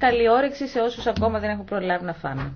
Καλή όρεξη σε όσους ακόμα δεν έχουν προλάβει να φάνε.